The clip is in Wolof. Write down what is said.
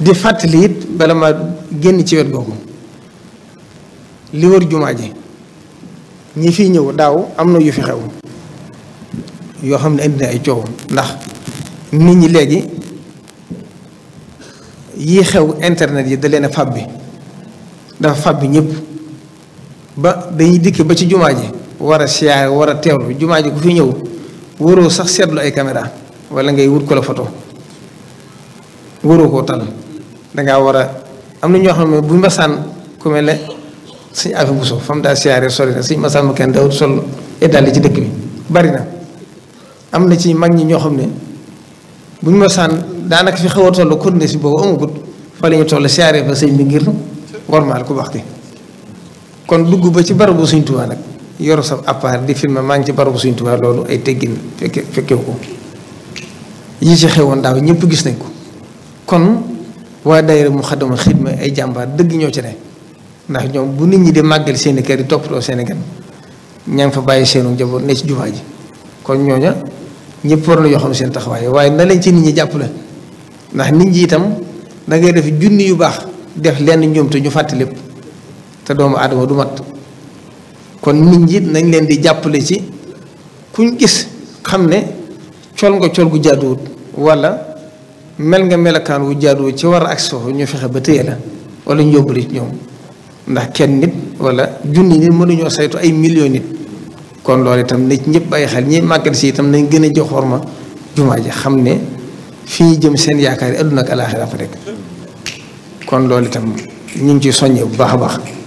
di fàttali it bala ma génn ci wet googu li wër jumaa ji ñi fiy ñëw daaw am na yu fi xew yoo xam ne indi na ay coow ndax nit ñi léegi yi xew internet yi da leen a fab bi dafa fab bi ñëpp ba dañuy dikk ba ci jumaa ji war a siyaare war a teewlu jumaa ji ku fi ñëw waroo sax seetlu ay caméra wala ngay wut ko la photo waroo koo tal dangaa war a am na ñoo xam ne bu masaan ku mel ne suñu affaire bu so fam daa siyaare sori na masaan ma kenn dawut sol eddaal ci dëkk bi bari na am na ci mag ñi ñoo xam ne bu ñu masaan daanaka fi xaw a toll korne si boobu amagut fa la ñu toll siyaare fa sëñ bi ngir warmaal ku baax ki kon dugg ba ci barabu Sëñ Tuubaa nag yor sa appareil di filmer maa ngi ci barabu Sëñ Tuubaa loolu ay teggin fekke fekkewu ko yi ci xewoon daaw ñëpp gis nañ ko waaye daayira mu xaddama xidma ay jàmbaar dëgg ñoo ci ne ndax ñoom bu nit ñi di màggal seeni kër yi toppatoo seeni gan ña fa bàyyi seenu njaboot ne ci jumaa ji kon ñooña ñëpp war na yoo xam seen taxawaay waaye na leen ci nit ñi jàppale ndax nit ñi itam da def junni yu baax def lenn ñoom te ñu fàtte lépp te doomu aadama du mat kon nit ñi nañ leen di jàppale ci kuñ gis xam ne col nga col gu jaaduwut walla mel nga melokaan wu jaaduwul ci war a ak soxla ñu fexe ba téye la wala ñu yóbbu nit ñoom ndax kenn nit wala junni nit mënuñoo saytu ay millions nit kon lool itam nit ñëpp ay xel ñi màggal si itam nañ gën a jox xorma jumaa ji xam ne fii jëm seen yaakaar yi àdduna ak alaaxira fa rek kon loolu itam ñu ngi ciy soññee bu baax a baax.